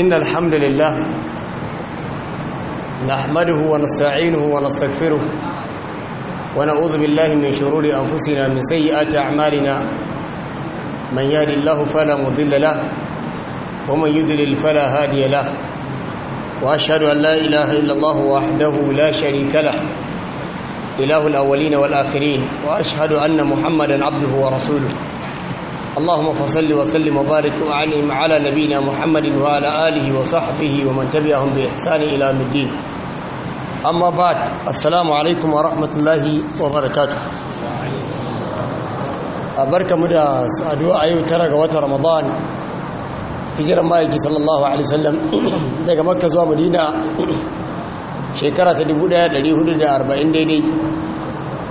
إن الحمد لله نحمده ونستعينه ونستغفره ونعوذ بالله من شرور أنفسنا من سيئات أعمالنا من يهد الله فلا مضل له ومن يضلل فلا هادي له وأشهد أن لا إله إلا الله وحده لا شريك له إله الأولين والآخرين وأشهد أن محمدا عبده ورسوله اللهم فصل وسلم وبارك وأنعم على نبينا محمد وعلى آله وصحبه ومن تبعهم بإحسان إلى يوم الدين أما بعد السلام عليكم ورحمة الله وبركاته أبرك مدى أدواء أيو ترى قوات رمضان هجر مايكي صلى الله عليه وسلم دقى مكة زوا مدينة شكرة تدبودها لدي هدو دا أربعين دي دي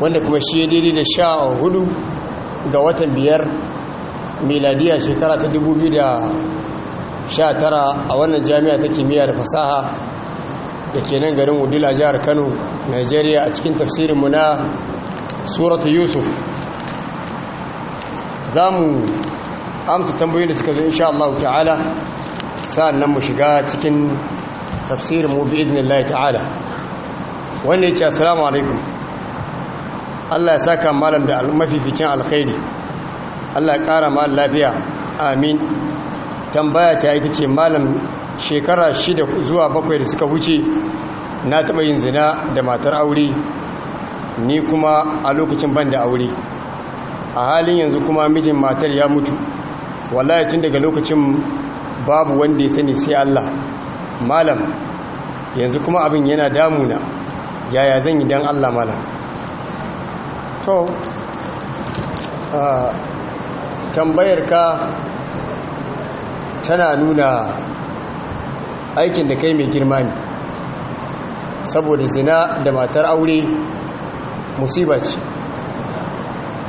وانكم الشيء دي دي دا شاء هدو قوات بيار miladiya shekara ta 2019 a wannan jami'a ta kimiyya da fasaha da ke nan garin wudula jihar kano nigeria a cikin tafsirinmu na suratu yusuf za mu amsa tambayoyin da suka zo insha Allah ta'ala sa'an nan mu shiga cikin tafsirinmu bi idinillahi ta'ala wanda ya ce assalamu alaikum Allah ya saka malam da mafificin alkhairi Allah ya ƙara ma lafiya amin tambaya ta yi ce malam shekara shida zuwa bakwai da suka wuce na taɓa yin zina da matar aure ni kuma a lokacin ban da aure a halin yanzu kuma mijin matar ya mutu wallahi tun daga lokacin babu wanda ya sani sai Allah malam yanzu kuma abin yana damuna yaya zan yi don Allah malam to ah, tambayar ka tana nuna aikin da kai mai girma ne saboda zina da matar aure musiba ce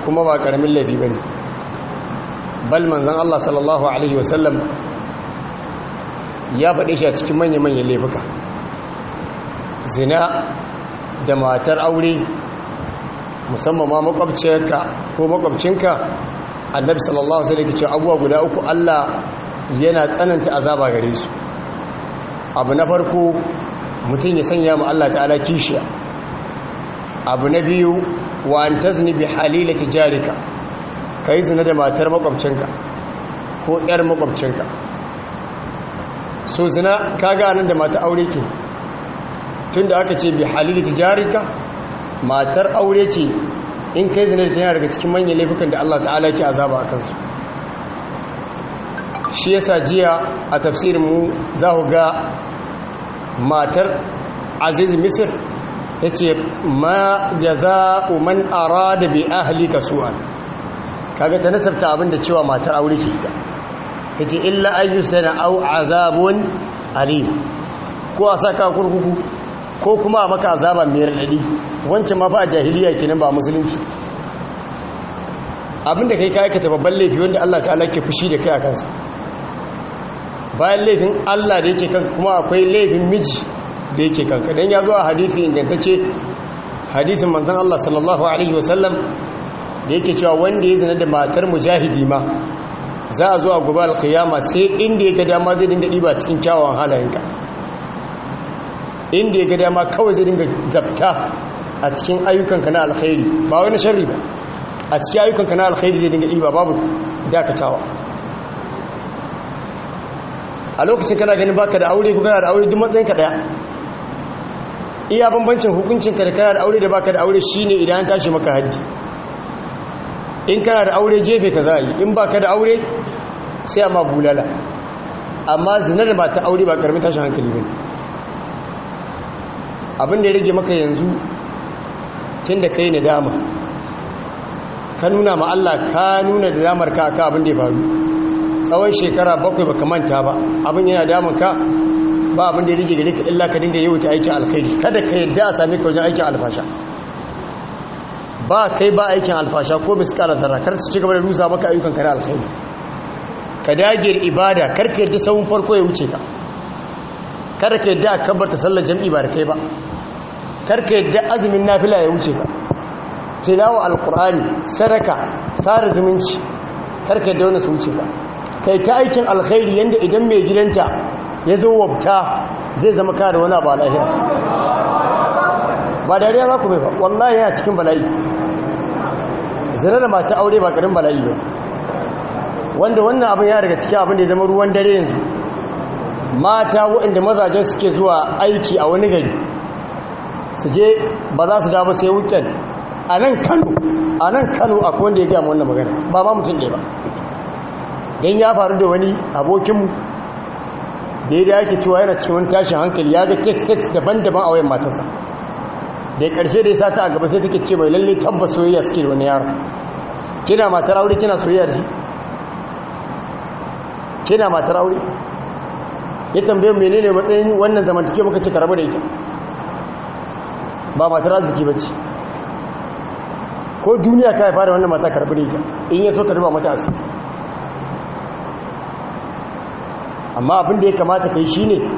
kuma ba karamin laifi ba ne bal manzan Allah sallallahu Alaihi wasallam ya faɗe shi a cikin manya-manyan laifuka zina da matar aure musamman ma makwabcinka ko makwabcinka annabi sallallahu alaihi wasallam ce abuwa guda uku Allah yana tsananta azaba gare su abu na farko mutum ya sanya mu Allah ta'ala kishiya abu na biyu wa antazni bi halilati jarika kai zina da matar makwabcinka ko yar makwabcinka so zina kaga nan da mata aure ke tunda aka ce bi halilati jarika matar aure ce in kai zina da yana daga cikin manyan laifukan da Allah ta'ala ke azaba a kansu shi yasa jiya a tafsirinmu za ku ga matar aziz misir ta ce ma jaza'u man da bi ahlika su'an kaga ta nasarta abin da cewa matar aure ke ita ta ce illa na au azabun alim ko a saka kurkuku ko kuma a maka azaba mai raɗaɗi wancan ma ba a jahiliya kenan ba musulunci abinda kai ka aikata babban laifi wanda Allah ta ke fushi da kai a kansa bayan laifin Allah da yake kanka kuma akwai laifin miji da yake kanka dan ya zo a hadisi ingantacce hadisin manzon Allah sallallahu alaihi wasallam da yake cewa wanda ya zina da matar mujahidi ma za a zo a gobe alkhiyama sai inda ya ga dama zai dinga ɗiba cikin kyawawan halayenka inda ya ga dama kawai zai dinga zabta a cikin ayyukanka na alkhairi ba wani sharri ba a cikin ayyukanka na alkhairi zai dinga ɗiba babu dakatawa a lokacin kana ganin baka da aure kana da aure duk matsayin ka daya iya bambancin hukuncinka da kana da aure da baka da aure shine idan an tashi maka haddi in kana da aure jefe ka za yi in baka da aure sai a ma bulala amma zina da ba ta aure ba karamin tashin hankali bane abin da ya rage maka yanzu tun da kai nadama ka nuna ma ka nuna da damar ka ka abin da ya faru tsawon shekara bakwai baka manta ba abin yana damar ka ba abin da ya rage gare ka illa ka dinga yawuta aikin alkhairi kada ka yadda a sami ka wajen aikin alfasha ba kai ba aikin alfasha ko bisu kara zara kar su ci gaba da rusa maka ayyukan ka na alkhairi ka dage ibada kar ka yadda sabon farko ya wuce ka kada ka yadda a kabbata sallar jam'i ba da kai ba kar ka yadda azumin na fila ya wuce ba tilawa alqur'ani sadaka tsara zumunci kar ka yadda wani su wuce ka kai ta aikin alkhairi yadda idan mai gidanta ya zo wabta zai zama kare wani abu lahira ba dariya za ku mai ba wallahi yana cikin bala'i zira da mata aure ba karin bala'i ba wanda wannan abin ya daga cikin abin da ya zama ruwan dare yanzu mata waɗanda mazajen suke zuwa aiki a wani gari su je ba za su dawo sai weekend a nan kano a nan kano a kowanda ya gama wannan magana ba ma mutum ɗaya ba don ya faru da wani abokinmu da ya da yake cewa yana cikin wani tashin hankali ya ga text text daban-daban a wayan matarsa da ƙarshe da ya sa ta a gaba sai take ce mai lalle tabbas soyayya suke da wani yaro kina matar aure kina soyayya da shi kina matar aure ya tambaye mene ne matsayin wannan zamantake muka ce karabu da ita ba matar arziki ce. ko duniya ka haifa da wannan mata karabu da ita in ya so ka zuba mata asiri amma abin da ya kamata kai yawai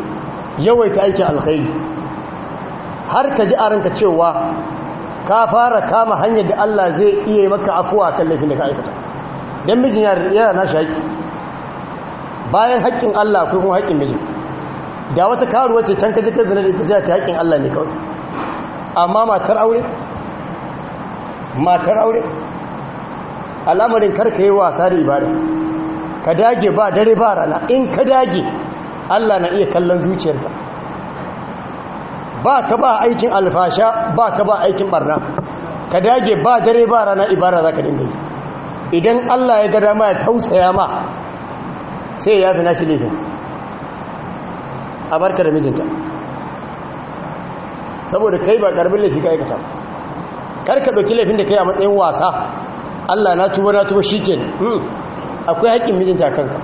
yawaita aikin alkhairi har ka ji aranka cewa ka fara kama hanyar da Allah zai iya maka afuwa kan laifin da ka aikata don mijin yana shaki bayan haƙƙin Allah akwai kuma haƙƙin miji da wata karuwa ce can ka ji kai zina da ita zai ta haƙƙin Allah ne kawai amma matar aure matar aure al'amarin karka yi wasa da ibada ka dage ba dare ba rana in ka dage Allah na iya kallon zuciyarka ba ka ba aikin alfasha ba ka ba aikin barna ka dage ba dare ba rana ibada za ka dinga yi idan Allah ya ga dama ya tausaya ma sai ya fi nashi laifin a barka mijinta saboda kai ba karbin laifi ka aikata kar ka ɗauki laifin da kai a matsayin wasa allah na tuba na tuba shi hmm. akwai haƙƙin mijinta kanka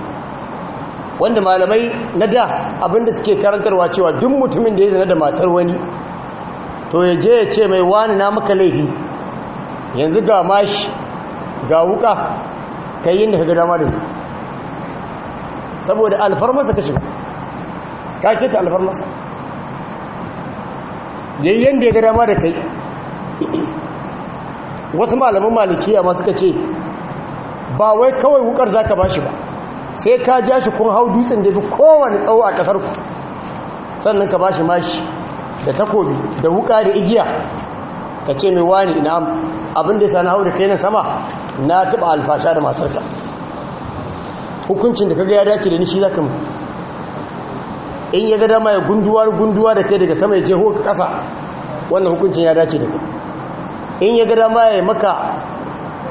wanda malamai na da abinda suke karantarwa cewa duk mutumin da ya zana da matar wani to ya je ya ce mai wani na maka laifi yanzu ga mashi ga wuka ka yi inda ka ga dama saboda alfarmasa ka shiga ka keta alfarmasa yayyen da ya gada ma da kai wasu malaman malikiya ma suka ce ba wai kawai wukar za ka ba shi ba sai ka ja shi kun hau dutsen da fi kowane tsawo a ƙasar ku sannan ka ba shi mashi da takobi da wuka da igiya ka ce mai wani ina abin da ya sani hau da kai na sama na taɓa alfasha da matarka hukuncin da kaga ya dace da ni shi zaka mu in ya ga dama ya gunduwa gunduwa da kai daga sama ya je hoka kasa wannan hukuncin ya dace da kai in ya ga dama ya maka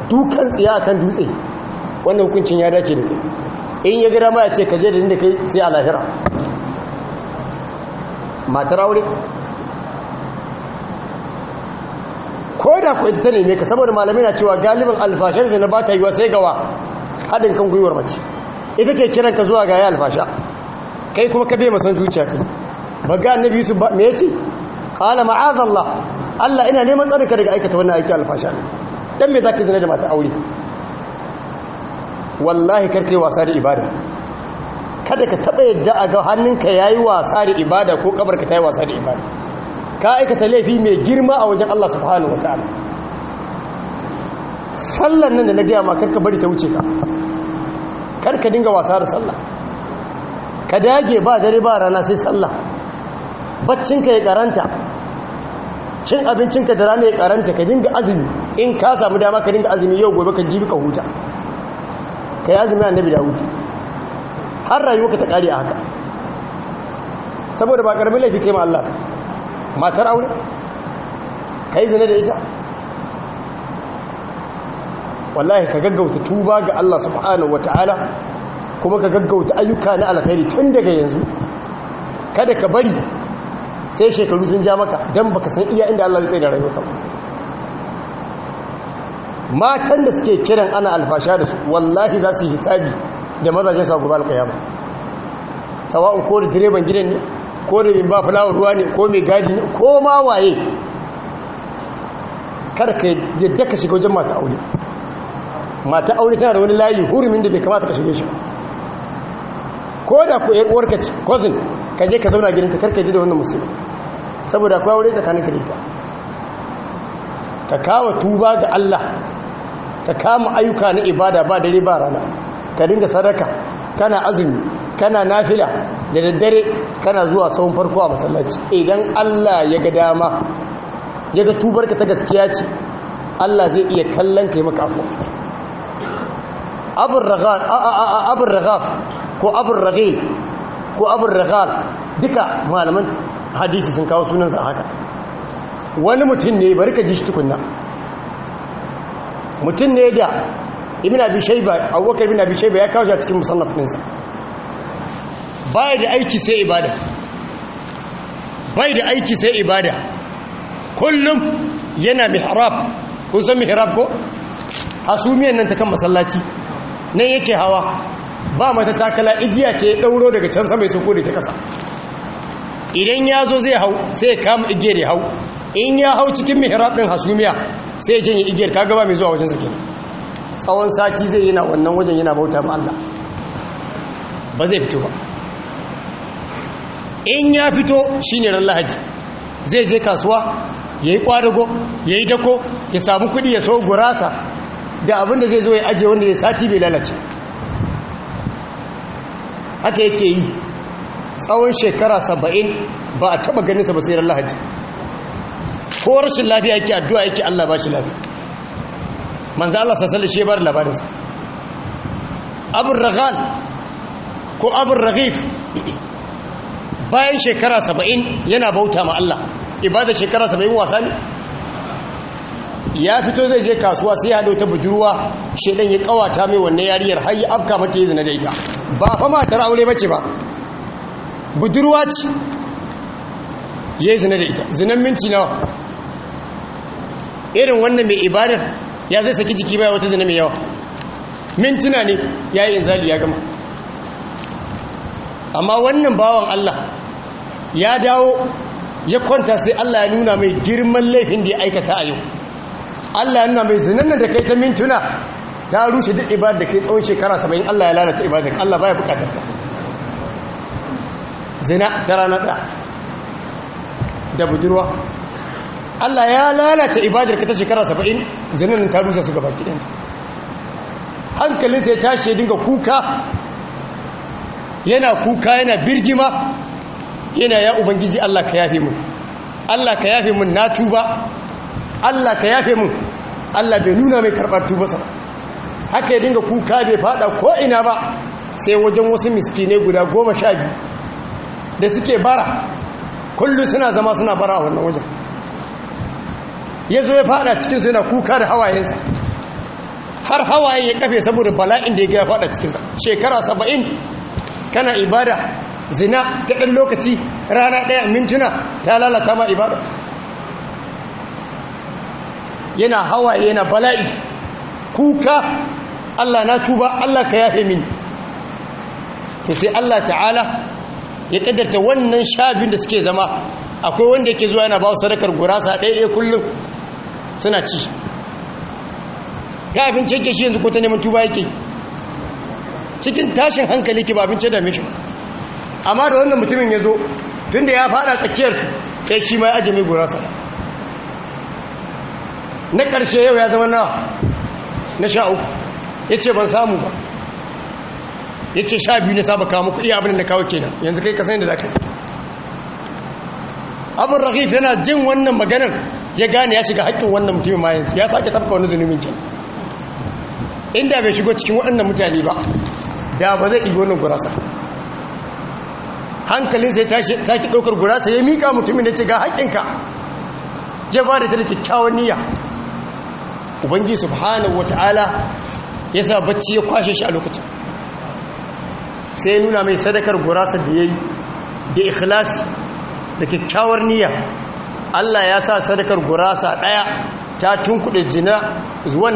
dukan tsiya akan dutse wannan hukuncin ya dace da kai in ya ga dama ya ce ka je da inda kai sai a lahira matar aure ko da ku ita ta neme ka saboda malamai na cewa galibin alfashar na ba ta yiwa sai gawa haɗin kan gwiwar mace ita ke kiran ka zuwa ga ya alfasha kai kuma ka bai masan zuciya kai ba ga annabi yusuf ba me yace qala ma'azallah Allah ina neman tsarka daga aikata wannan aiki alfasha dan me zaka zina da mata aure wallahi kar kai wasa da ibada kada ka taba yadda a ga hannunka yayi wasa da ibada ko kabarka tayi wasa da ibada ka aikata laifi mai girma a wajen Allah subhanahu wataala sallan nan da na gaya ma karka bari ta wuce ka kar ka dinga wasa da sallah ka dage ba dare ba rana sai sallah baccinka ya karanta cin abincinka da rana ya karanta ka dinga azumi in ka samu dama ka dinga azumi yau gobe ka jibi ka huta ka yi azumi annabi da hutu har rayuwarka ta kare a haka saboda ba karbi laifi kai ma Allah matar aure ka yi zane da ita wallahi ka gaggauta tuba ga Allah subhanahu wataala kuma ka gaggauta ayyuka na alkhairi tun daga yanzu kada ka bari sai shekaru sun ja maka dan baka san iya inda Allah zai tsaya da rayuwarka ba matan da suke kiran ana alfasha da su wallahi za su yi hisabi da mazajen sa gobe alkiyama sawa'u ko da direban gidan ne ko da bin ba fulawar ruwa ne ko mai gadi ne ko ma waye kada ka yadda ka shiga wajen mata aure mata aure tana da wani layi hurumin da bai kamata ka shige shi ko da ku yar uwarka ce cousin ka je ka zauna gidanta karka yi da wannan musulmi saboda akwai aure tsakanin kirita ka kawo tuba ga Allah ka kama ayyuka na ibada ba dare ba rana ka dinga sadaka kana azumi kana nafila da daddare kana zuwa tsawon farko a masallaci idan Allah ya ga dama ya ga tubarka ta gaskiya ce Allah zai iya kallon ka yi maka afuwa abin ragaf ko abin ragil ko abin ragal duka malaman hadisi sun kawo sunansa haka wani mutum ne bari ka ji shi tukunna mutum ne da ibn abi shayba abubakar ibn abi shayba ya kawo shi a cikin musannaf ɗinsa bai da aiki sai ibada bai da aiki sai ibada kullum yana mihrab kun san mihrab ko hasumiyan nan ta kan masallaci nan yake hawa ba mata takala igiya ce ya ɗauro daga can sama ya ko da ta kasa idan ya zo zai hau sai ya kama igiyar ya hau in ya hau cikin mihrabin hasumiya sai ya janye igiyar ka gaba mai zuwa wajen sa tsawon sati zai yana wannan wajen yana bauta ma Allah ba zai fito ba in ya fito shi ne ran lahadi zai je kasuwa yayi kwadago yayi dako ya samu kuɗi ya so gurasa da abin da zai zo ya ajiye wanda ya sati bai lalace haka yake yi tsawon shekara saba'in ba a taba ganinsa ba sai ran lahadi ko rashin lafiya yake addu'a yake Allah ba shi lafiya manzo Allah sallallahu alaihi wasallam labarinsa abul raghal ko abul raghif bayan shekara saba'in yana bauta ma Allah ibada shekara saba'in wasa ne ya fito zai je kasuwa sai ya haɗa wata budurwa shedan ya kawata mai wannan yariyar har ya afka mata ya zina da ita ba fa matar aure bace ba budurwa ce ya zina da ita zinan minti nawa irin wannan mai ibadar ya zai saki jiki baya wata zina mai yawa mintuna ne ya yi inzali ya gama amma wannan bawan Allah ya dawo ya kwanta sai Allah ya nuna mai girman laifin da ya aikata a yau Allah yana mai zinan da kai ta mintuna ta rushe duk ibadar da kai tsawon shekara saba'in Allah ya lalata ibadar Allah baya bukatar ta zina ta rana da da budurwa Allah ya lalata ibadar ka ta shekara saba'in zinan ta rushe su gaba kidanta hankalin sai tashi ya dinga kuka yana kuka yana birgima yana ya ubangiji Allah ka yafe mun Allah ka yafe mun na tuba Allah ka yafe mun Allah bai nuna mai karɓar tubarsa haka ya dinga kuka bai faɗa ko ina ba sai wajen wasu miskinai guda goma sha biyu da suke bara kullum suna zama suna bara a wannan wajen ya zo ya fada cikinsu yana kuka da hawayensa har hawaye ya kafe saboda bala'in da ya gaya fada cikinsa shekara saba'in kana ibada zina ta ɗan lokaci rana ɗaya mintuna ta lalata ma ibada yana hawaye yana bala'i kuka Allah na tuba Allah ka yafe mini to sai Allah ta'ala ya kaddata wannan shafin da suke zama akwai wanda yake zuwa yana ba su sadakar gurasa ɗaya kullum suna ci ta abinci yake shi yanzu ko ta neman tuba yake cikin tashin hankali ke ba abinci da mishi amma da wannan mutumin ya zo tun da ya fada tsakiyarsu sai shi ma ya ajiye gurasa na ƙarshe yau ya zama na na sha uku ya ce ban samu ba ya ce sha biyu na saba kawo muku iya abin da kawo kenan yanzu kai ka sani da za ka yi abin rahif yana jin wannan maganar ya gane ya shiga haƙƙin wannan mutumin mayan ya sake tafka wani zunubin kenan inda bai shigo cikin waɗannan mutane ba da ba zai ɗigo wannan gurasa hankalin sai sake ɗaukar gurasa ya miƙa mutumin da ce ga haƙƙinka ya ba da ta da kyakkyawan niyya ubangi subhanahu wata'ala ya sa bacci ya kwashe shi a lokacin sai nuna mai sadakar gurasa da yayi da ikhlasi da kyakkyawar niyya Allah ya sa sadakar gurasa daya ta tunkuɗe jina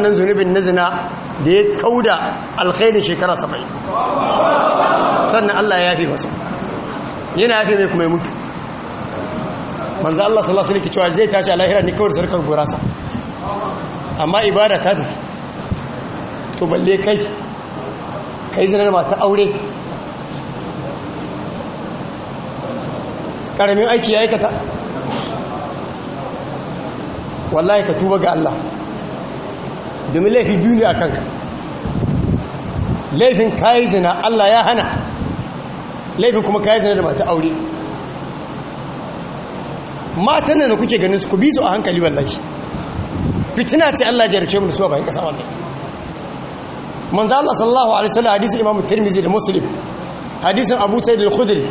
nan zunubin na zina da ya kauda alkhairin shekara 70 sannan Allah ya yafe masa yana yafe mai kuma ya mutu manzo Allah sallallahu alaihi wasallam cewa zai tashi a lahira ne kawai sarkar gurasa amma ibada ta tafi to balle kai kai da mata aure ƙaramin aiki ya aikata wallahi ka tuba ga Allah domin laifi biyu ne a kanka laifin kayi zina Allah ya hana laifin kuma kayi zina da mata aure matan da kuke ganin su ku bi su a hankali wallahi fitina ce Allah ce mu da suwa bayan kasa wallahi manzo Allah sallallahu alaihi wasallam hadisi Imam Tirmidhi da Muslim hadisi Abu Sa'id al-Khudri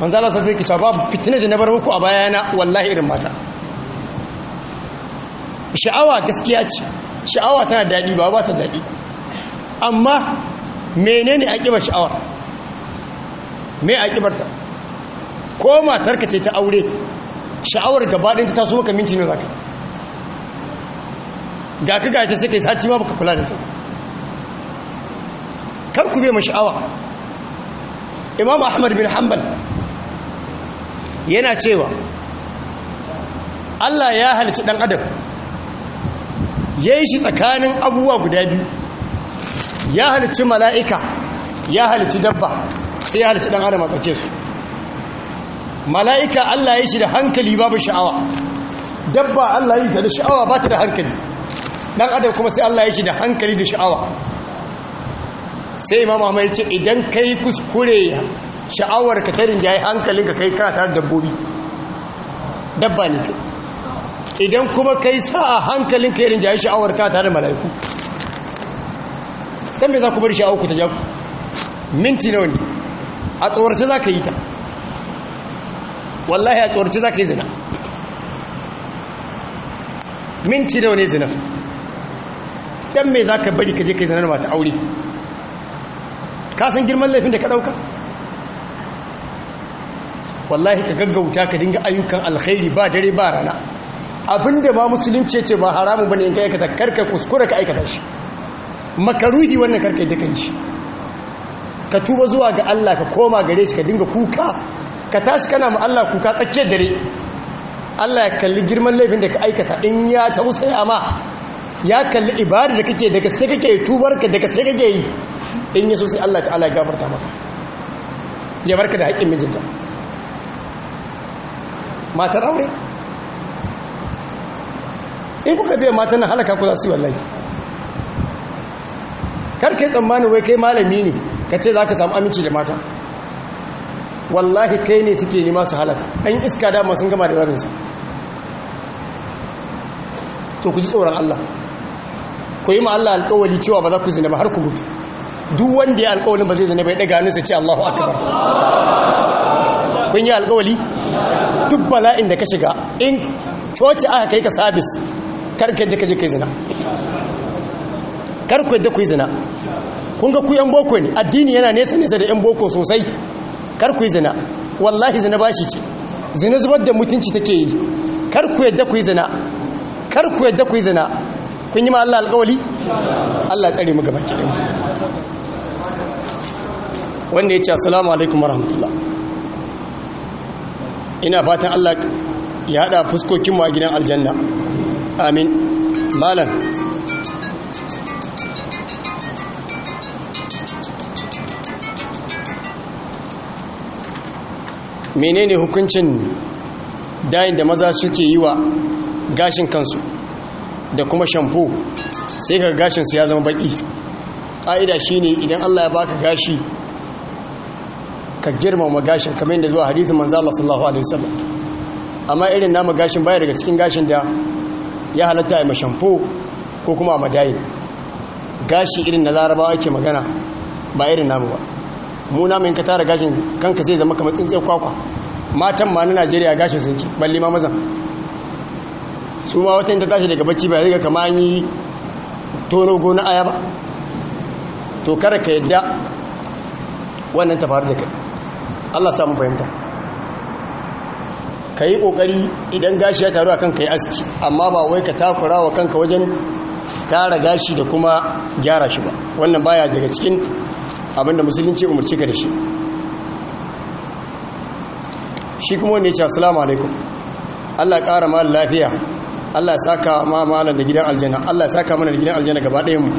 manzo Allah sai ki babu fitina da na bar muku a bayana wallahi irin mata sha'awa gaskiya ce sha'awa tana daɗi ba ba ta daɗi amma menene aƙibar sha'awa? me ta ko ka ce ta aure sha'awar gabaɗin ta taso maka minti ne zaka ga ka ta suka yi sati ma baka kula da ta kar ku bai masha'awa imam ahmad bin hanbal yana cewa Allah ya halci dan adam ya yi shi tsakanin abubuwa guda biyu ya halicci mala'ika ya halicci dabba sai ya halicci dan adam a tsake su mala'ika Allah ya yi shi da hankali babu sha'awa dabba Allah ya yi ta da sha'awa ba ta da hankali dan adam kuma sai Allah ya shi da hankali da sha'awa sai imam ahmad ya ce idan kai kuskure sha'awar ka ta rinjaye hankalin ka kai kana tare dabbobi dabba ne kai idan kuma kai sa'a hankalin ka ya rinjaye sha'awar kana tare mala'iku dan me za ku bar sha'awar ku ta ja ku minti nawa ne a tsorace za ka yi ta wallahi a tsorace za ka yi zina minti nawa ne zina mai me ka bari ka je ka yi sanar mata aure ka san girman laifin da ka ɗauka? wallahi ka gaggauta ka dinga ayyukan alkhairi ba dare ba rana abinda ba musulunci ce ba haramun bane in ka aikata karka kuskura ka aikata shi makaruhi wannan karka da kai shi ka tuba zuwa ga Allah ka koma gare shi ka dinga kuka ka tashi kana ma Allah kuka tsakiyar dare Allah ya kalli girman laifin da ka aikata in ya tausaya ma ya kalli ibada da kake da gaske kake ka da gaske kake yi in yaso sai Allah ta'ala ya gafarta maka ya barka da haƙƙin mijinta matar aure in kuka biya matan na halaka ku za su yi wallahi kar kai tsammani wai kai malami ne ka ce za ka samu aminci da mata wallahi kai ne suke nema su halaka an iska dama sun gama da barinsa to ku ji tsoron Allah ku yi ma Allah alƙawari cewa ba za ku zina ba har ku mutu duk wanda ya alƙawarin ba zai zina ba ya daga hannunsa ce Allahu akbar kun yi alƙawari duk bala'in da ka shiga in coci aka kai ka sabis kar ka ka je kai zina kar ku ku yi zina kun ga ku yan boko ne addini yana nesa nesa da yan boko sosai kar ku yi zina wallahi zina bashi ce zina zubar da mutunci take yi kar ku yadda ku yi zina kar ku yadda ku yi zina kun yi ma Allah alƙawali Allah tsare mu gaba kidan wanda ya ce assalamu alaikum warahmatullah ina fatan Allah ya haɗa fuskokin mu a gidan aljanna amin malam menene hukuncin dayin da maza suke yi wa gashin kansu da kuma shampo sai ka su ya zama baki ƙa'ida shi ne idan allah ya baka gashi ka girmama gashin kamar yadda zuwa hadithin manzo Allah sallallahu alaihi wasallam amma irin nama gashin baya daga cikin gashin da ya halatta a mashamfo ko kuma a madayin gashi irin na larabawa ake magana ba irin namu ba mu namu in ka tara gashin kanka zai zama kamar tsintsiyar kwakwa matan ma na Najeriya gashin sun ci balle ma mazan su ma wata ta tashi daga bacci ba zai ga kama yi tono gona aya ba to kar ka yadda wannan ta faru da kai Allah samu fahimta ka yi ƙoƙari idan gashi ya taru a kan ka yi aski amma ba wai ka takura wa kanka wajen tara gashi da kuma gyara shi ba wannan baya daga cikin abinda musulunci umarci ka da shi shi kuma wani ya ce assalamu alaikum Allah ƙara ma lafiya Allah ya saka ma malam da gidan aljanna Allah ya saka mana da gidan aljanna gaba ɗayan mu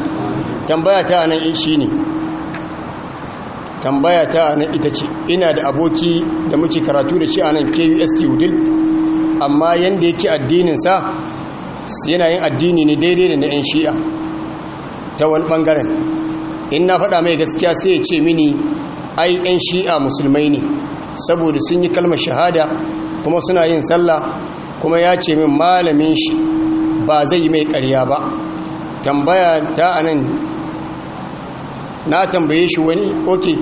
tambaya ta nan ne. tambaya ta nan ita ce ina da aboki da muke karatu da shi a nan KUST Udil amma yanda yake addinin sa yana yin addini ne daidai da na yan shi'a ta wani bangaren in na faɗa mai gaskiya sai ya ce mini ai yan shi'a musulmai ne saboda sun yi kalmar shahada kuma suna yin sallah kuma ya ce min malamin shi ba zai mai ƙarya ba tambaya ta anan na tambaye shi wani oke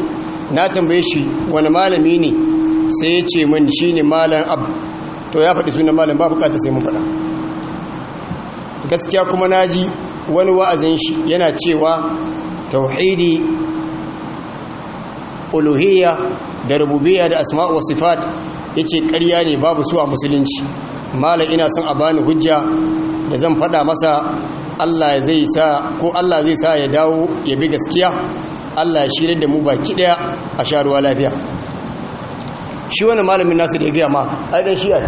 na tambaye shi wani malami ne sai ya ce min shi ne malam abu to ya faɗi sunan malam ba ƙata sai mun faɗa gaskiya kuma na ji wani wa'azin shi yana cewa tauhidi uluhiyya da rububiyya da asma'u wa ya ce ƙarya ne babu su a musulunci mala ina son a bani hujja da zan faɗa masa Allah zai sa ko Allah zai sa ya dawo ya bi gaskiya Allah ya shirye da mu baki daya a sha ruwa lafiya shi wani malamin nasu da ya gaya ma ai dan shi'a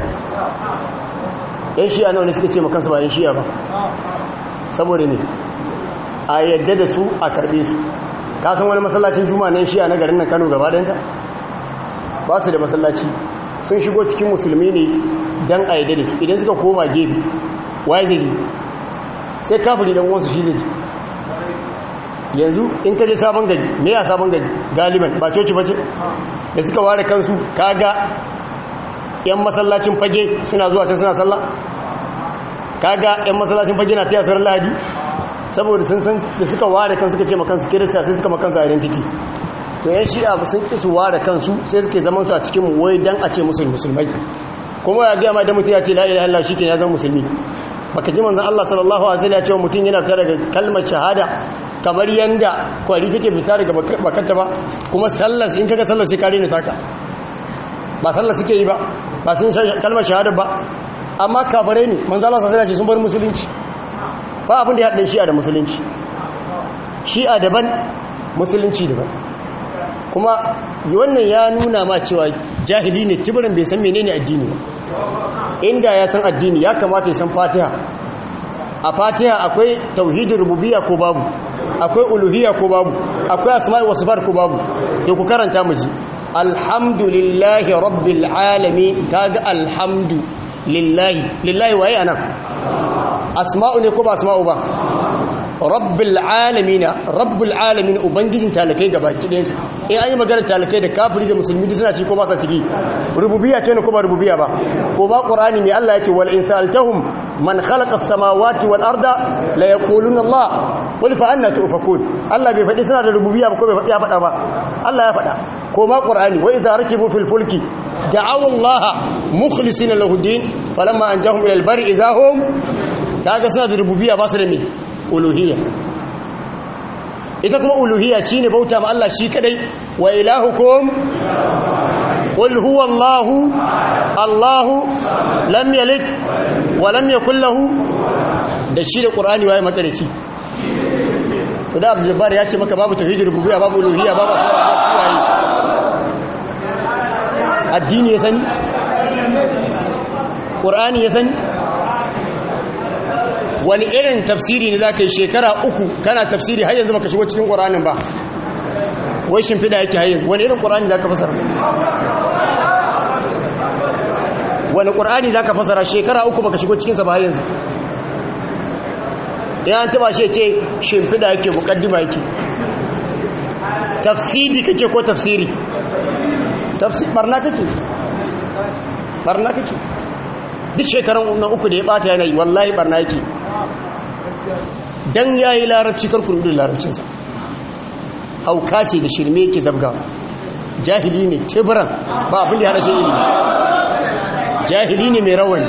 dan shi'a nawa ne suka ce makansu ba ɗan shi'a ba saboda ne a yadda da su a karbe su ka san wani masallacin juma'a nan shi'a na garin nan Kano gaba ɗayanta ba su da masallaci sun shigo cikin musulmi ne don a yadda da su idan suka koma gefe waye zai ji sai kafiri don wasu shi zai yanzu in kaje sabon gari me a sabon gari galiban ba coci ba ce da suka ware kansu kaga yan masallacin fage suna zuwa can suna sallah kaga yan masallacin fage na tiyasar lahadi saboda sun san da suka ware kansu ka ce makansu kirista sai suka makansu identity to yan shi'a sun ƙi su ware kansu sai suke zaman su a cikin wai dan a ce musulmi musulmai kuma ya gaya ma da mutum ya ce la Allah shi ke ya zama musulmi baka ji manzan Allah sallallahu a zai ya ce mutum yana fita daga kalmar shahada kamar yanda kwari take fita daga bakanta ba kuma sallar in kaga sallar sai kare ne taka ba sallar suke yi ba ba sun kalmar shahada ba amma kafare ne manzan Allah sallallahu a ce sun bar musulunci ba abin da ya haɗe shi'a da musulunci shi'a daban musulunci daban kuma wannan ya nuna ma cewa jahili ne tibirin bai san menene addini inda ya san addini ya kamata ya san fatiha a fatiha akwai tauhidin rububiya ko babu akwai uluhiya ko babu akwai asma'i wasu sifar ko babu to ku karanta mu ji alhamdulillahi rabbil alami kaga alhamdu lillahi lillahi waye anan asma'u ne ko ba asma'u ba rabbul alamin rabbul alamin ubangijin talakai gabaki ɗayan su in an yi magana talakai da kafiri da musulmi duk suna ci ko ba sa ciki rububiyya ce ne ko ba rububiyya ba ko ba qur'ani mai Allah ya ce wal insaltahum man khalaqa as-samawati wal arda la yaquluna Allah qul fa anna tufakun Allah bai faɗi suna da rububiyya ba ko bai faɗi ya faɗa ba Allah ya faɗa ko ba qur'ani wa idza rakibu fil fulki da'aw Allah mukhlisina lahu din falamma anjahum ila al-barri idza hum kaga suna da rububiyya ba su da me uluhiyya ita kuma uluhiyya shine bauta ma Allah shi kadai wa ilahukum qul huwa Allahu Allahu lam yalid wa lam yakul lahu da shi da Qur'ani waye makareci to da Abdul Jabbar ya ce maka babu tauhid rububiyya babu uluhiyya babu suwaye addini ya sani Qur'ani ya sani wani irin tafsiri ne za ka yi shekara uku kana tafsiri har yanzu baka shigo cikin ƙoranin ba wai shimfiɗa yake har yanzu wani irin ƙorani za ka fasara wani ƙorani za ka fasara shekara uku baka shigo cikinsa ba har yanzu ya taba shi ce shimfiɗa yake muƙaddima yake tafsiri kake ko tafsiri tafsiri barna kake barna kake duk shekarun na uku da ya ɓata yanayi wallahi barna yake dan ya yi larabci karkun rudu larabcinsa hauka ce da shirme ke zabga jahili ne tibiran ba abin da ya rashin ilimi jahili ne mai rawani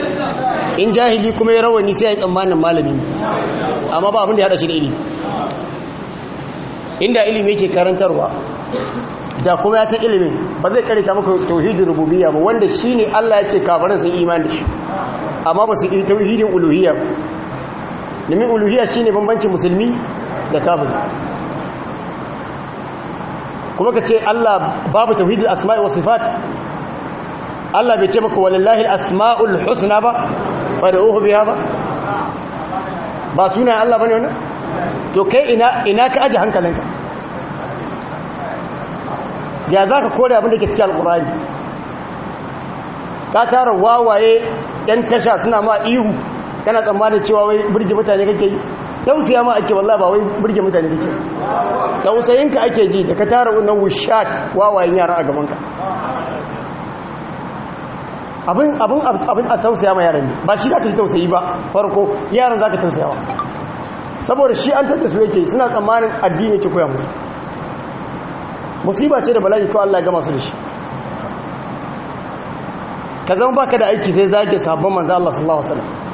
in jahili kuma ya rawani sai ya yi tsammanin malami amma ba abin da ya rashin ilimi inda ilimi ke karantarwa da kuma ya san ilimin ba zai karita maka tauhidin rububiya ba wanda shi ne Allah ya ce kafirin sun imani da shi amma ba su yi tauhidin uluhiyya ba domin uluhiyya shine bambancin musulmi da kafin kuma ka ce Allah babu ta hujjil asma'i wa sifat Allah bai ce maka walillahi asma'ul husna ba fad'uhu biya ba ba suna Allah ne wani to kai ina ka aji hankalinka ya ka kore abin da ke cikin alqur'ani ka tara wawaye yan tasha suna ma ihu kana tsammanin cewa wai burge mutane kake yi tausaya ma ake wallahi ba wai burge mutane kake tausayin ka ake ji da ka tara wannan wushat wawayen yara a gaban ka abin abin abin a tausaya ma yaran ne ba shi zaka ji tausayi ba farko yaran zaka tausaya ba saboda shi an tattasu yake suna tsammanin addini ke koya musu musiba ce da bala'i ko Allah ya gama su da shi ka zama baka da aiki sai zage sabon manzo Allah sallallahu alaihi wasallam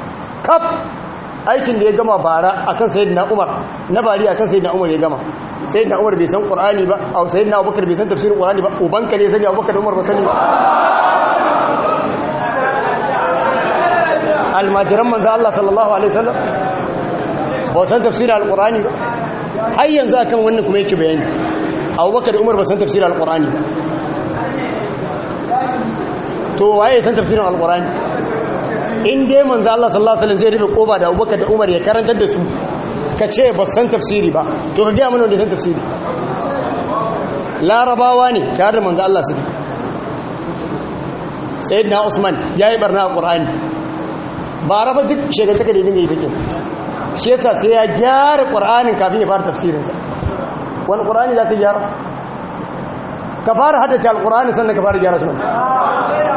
kaf aikin da ya gama bara akan sayyidina Umar na bari akan sayyidina Umar ya gama sayyidina Umar bai san Qur'ani ba au sayyidina Abubakar bai san tafsirin Qur'ani ba ubanka ne sani Abubakar da Umar ba sani ba almajiran manzo Allah sallallahu alaihi wasallam ba san tafsirin alqur'ani ba za yanzu akan wannan kuma yake bayani Abubakar da Umar ba san tafsirin alqur'ani ba to waye san tafsirin alqur'ani in dai manzo Allah sallallahu alaihi wasallam zai rufe koba da Abubakar da Umar ya karantar da su ka ce ba san tafsiri ba to ka gaya mana wanda san tafsiri larabawa ne tare da manzo Allah suke sayyidina Usman yayi barna a Qur'ani ba rafa duk shekar take da ne yi take shi yasa sai ya gyara Qur'anin kafin ya fara tafsirin sa wani Qur'ani zaka gyara ka fara hada ta alqur'ani sannan ka fara gyara shi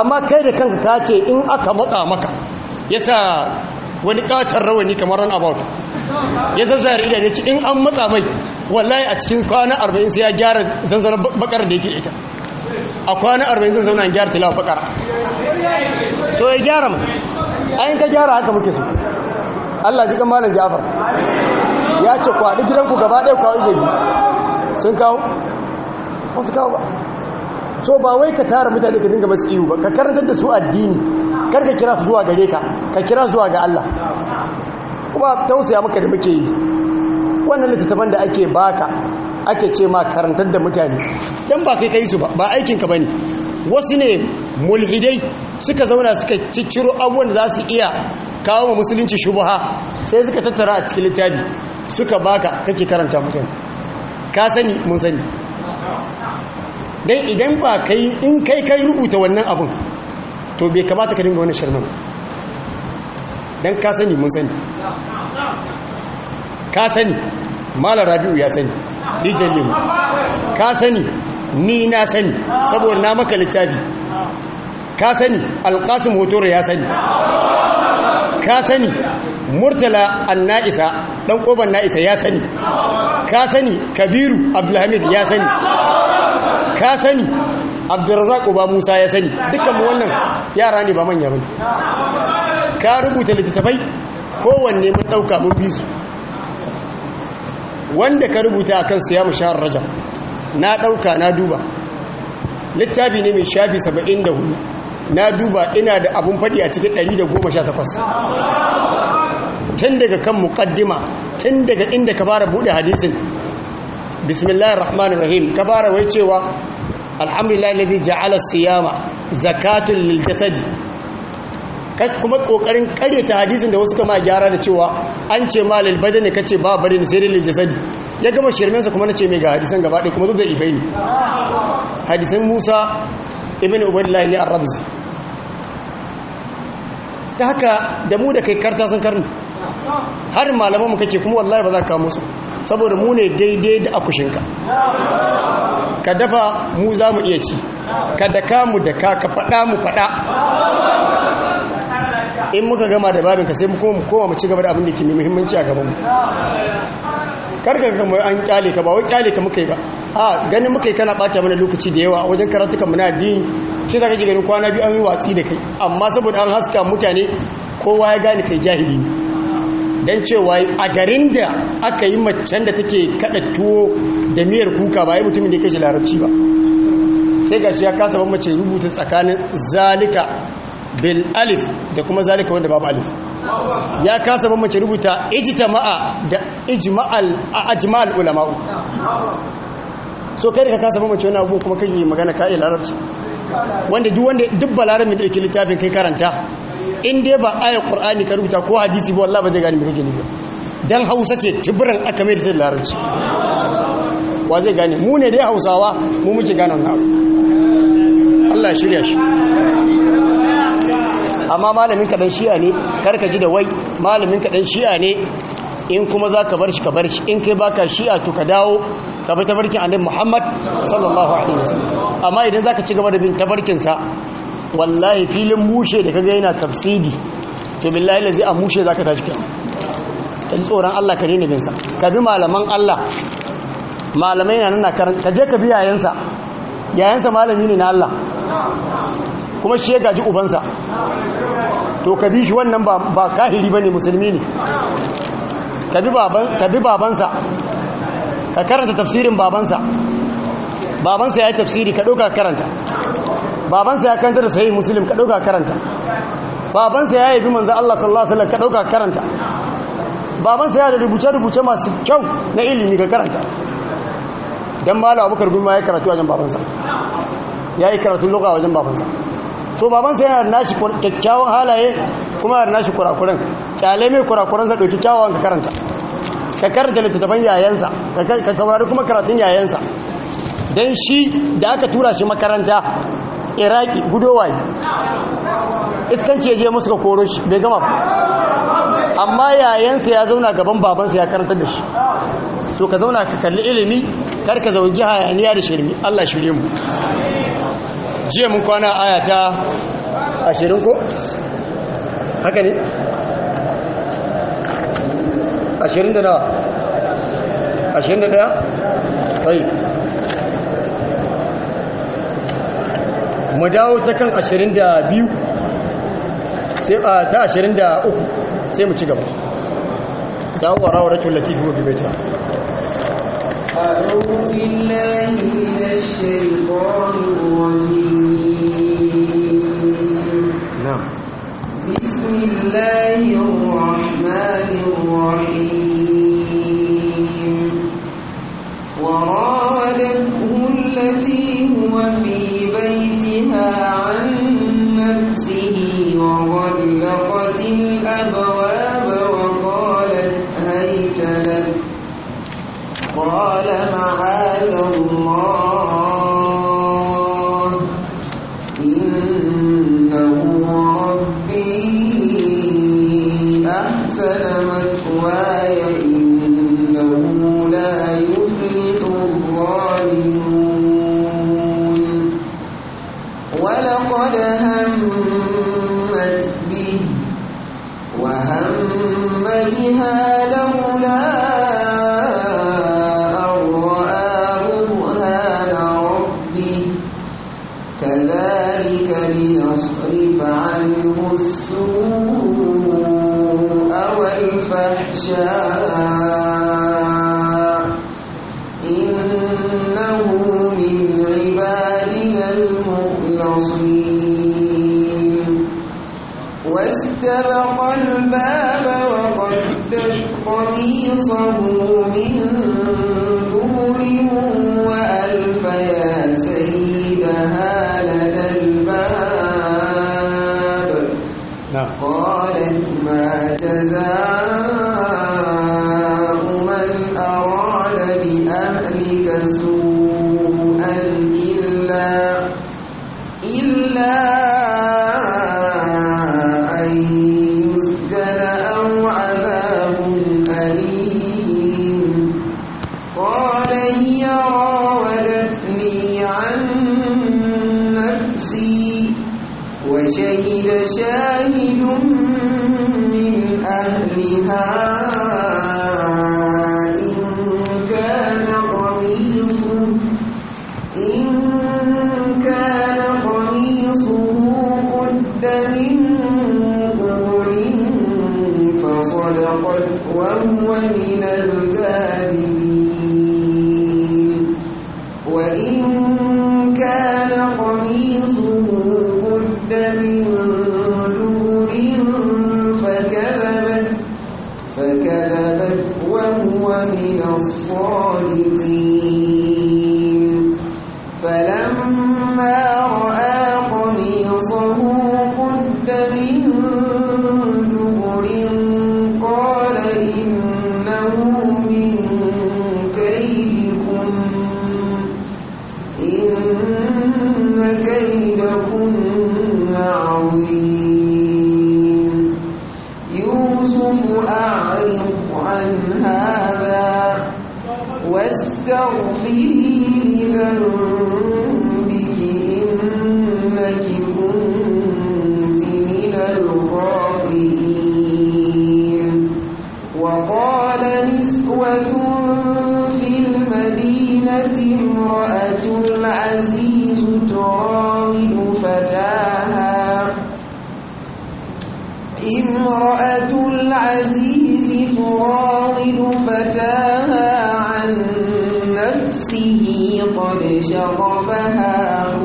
amma kai da kanka ka ce in aka matsa maka yasa wani katon rawani kamar ran about ya zazzara idan ya ce in an matsa mai wallahi a cikin kwana 40 sai ya gyara zanzanar bakar da yake ita a kwana 40 zan zauna gyara tilawa bakar to ya gyara mai ayin ka gyara haka muke so Allah ji kan malam Ja'far ya ce kwaɗi gidanku gaba ɗaya zai bi sun kawo kawo ba so ba wai ka tara mutane ka dinga masu ihu ba ka karantar da su addini kar ka kira su zuwa gare ka ka kira zuwa ga Allah kuma tausaya maka da muke yi wannan littattafan da ake baka ake ce ma karantar da mutane dan ba kai kai su ba ba aikin ka bane wasu ne mulhidai suka zauna suka cicciro abubuwan da za su iya kawo wa musulunci shubuha sai suka tattara a cikin littafi suka baka kake karanta mutane ka sani mun sani Dai idan ba kai in kai kai rubuta wannan abun to bai kamata ka dinga wani sharman dan ka sani mun sani ka sani mala rabi'u ya sani dijin nemo ka sani ni na sani saboda na maka littafi ka sani alkasim hotora ya sani ka sani murtala anna'isa dan koban na isa ya sani ka sani kabiru abdulhamid ya sani ka sani abdulrazak Oba musa ya sani dukkan mu wannan yara ne ba manya bane ka rubuta littattafai kowanne mun dauka mun bi su wanda ka rubuta akan siyamu shahr rajab na dauka na duba littafi ne mai shafi 74 na duba ina da abun fadi a cikin 118 tun daga kan mukaddima tun daga inda ka fara bude hadisin bismillahir rahmanir rahim ka fara wai cewa alhamdulillah alladhi ja'ala siyama zakatun lil jasadi kuma kokarin karyata hadisin da wasu kama gyara da cewa an ce ma lil badani kace ba badani sai lil ya gama shirminsa kuma nace mai ga hadisan gaba ɗaya kuma zubda ifai hadisan Musa ibn Ubaydillah ne ar-Rabzi haka da mu da kai karta sun karni har malaman kake kuma wallahi ba za ka musu saboda mu ne daidai da akushinka ka dafa mu za mu iya ci ka daka mu daka ka faɗa mu faɗa in muka gama da babinka sai mu koma mu ci gaba da abin da ke mai muhimmanci a gabanmu karkar ka mai an kyale ka ba wai kyale ka muka yi ba a ganin muka yi kana bata mana lokaci da yawa wajen karatukan muna addini shi za ka ji ganin kwana biyu an yi watsi da kai amma saboda an haska mutane kowa ya gane kai jahili ne don cewa a garin da aka yi macen da take kada tuwo da miyar kuka ba yi mutumin da ya shi larabci ba sai ga shi ya kasa ban mace rubuta tsakanin zalika bil alif da kuma zalika wanda babu alif ya kasa ban mace rubuta ijtama'a da ijma'al ajma'al ulama'u so kai da ka kasa ban mace wani abu kuma kake magana iya larabci wanda duk wanda duk da yake littafin kai karanta in dai ba ayar qur'ani ka rubuta ko hadisi ba wallahi ba zai gani me kake nufi dan hausa ce tibiran aka mai da larabci wa zai gane mu ne dai hausawa mu muke gane wannan Allah shirya shi amma malamin ka dan shi'a ne karka ji da wai malamin ka dan shi'a ne in kuma za ka bar shi ka bar shi in kai baka shi'a to ka dawo ka bi tabarkin annabi Muhammad sallallahu alaihi wasallam amma idan za ka ci gaba da bin tabarkinsa wallahi filin mushe da kaga yana tafsidi to billahi lazi a mushe zaka tashi kiyama dan tsoron Allah ka daina bin sa ka bi malaman Allah malamai na nuna karanta ka je ka bi yayansa yayansa malami ne na Allah kuma shi ya gaji ubansa to ka bi shi wannan ba kahiri ba ne musulmi ne ka bi babansa ka karanta tafsirin babansa babansa ya yi tafsiri ka ɗauka karanta babansa ya kanta da sahihi muslim ka dauka karanta babansa ya yabi manzo Allah sallallahu alaihi wasallam ka dauka karanta babansa ya da rubuce rubuce masu kyau na ilimi ka karanta dan malam Abubakar gumma ya karatu wajen babansa ya yi karatu lugha wajen babansa so babansa yana da nashi kyakkyawan halaye kuma yana da nashi kurakuran kyale mai kurakuran sa dauki kyawawan ka karanta ka karanta littattafan yayansa ka saurari kuma karatun yayansa dan shi da aka tura shi makaranta iraki gudowa ne iskanci ya je musu ka koro shi bai gama amma yayansa ya zauna gaban babansa ya karanta da shi so ka zauna ka kalli ilimi kar ka zauji hayaniya da shirmi Allah shirye mu jiya mun kwana aya ta 20 ko haka ne 20 da nawa 21 tayi mu dawo ta kan 22 sai ta 23 sai mu ci gaba dawo wa rawaratul latifi wa bibaita أعوذ بالله من بسم الله الرحمن الرحيم وراودته التي هو في بيتها عن الفتنة امرأة العزيز تراود فتاها امرأة العزيز تراود فتاها عن نفسه قد شغفها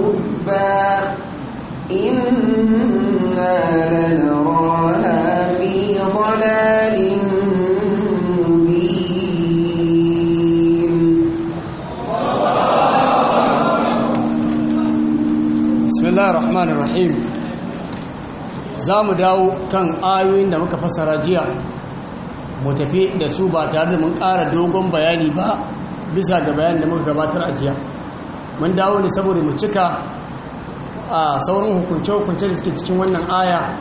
bismillah rahman rahim za mu dawo kan ayoyin da muka fasara jiya mu tafi da su ba tare da mun ƙara dogon bayani ba bisa ga bayanin da muka gabatar a jiya mun dawo ne saboda mu cika a sauran hukunce-hukunce da suke cikin wannan aya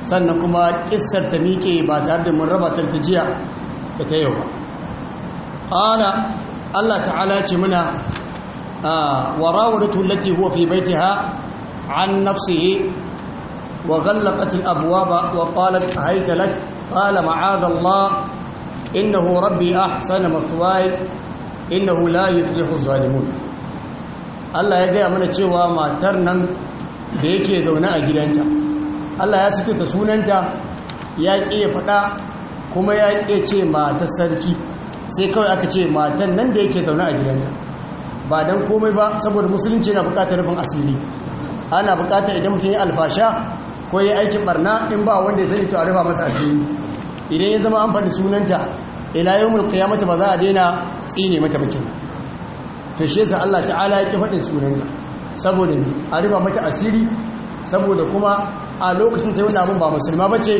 sannan kuma ƙissar ta miƙe ba tare da mun raba ta jiya da ta yau ba Allah ta'ala ce muna wa وراودته التي huwa fi baitiha عن نفسه وغلقت الأبواب وقالت هيت لك قال معاذ الله إنه ربي أحسن مثواي إنه لا يفلح الظالمون Allah ya gaya mana cewa matar nan da yake zaune a gidanta Allah ya sututa sunanta ya ƙi ya faɗa kuma ya ƙi ce matar sarki sai kawai aka ce matan nan da yake zaune a gidanta ba don komai ba saboda musulunci na buƙatar rufin asiri ana buƙatar idan mutum ya alfasha ko ya aikin barna in ba wanda ya sani to a rufa masa asiri idan ya zama an faɗi sunanta ila yawmul mata ba za a daina tsine mata mutum. to shi yasa Allah ta'ala ya ki faɗin sunanta saboda ne a rufa mata asiri saboda kuma a lokacin ta yi wani abin ba musulma ba ce,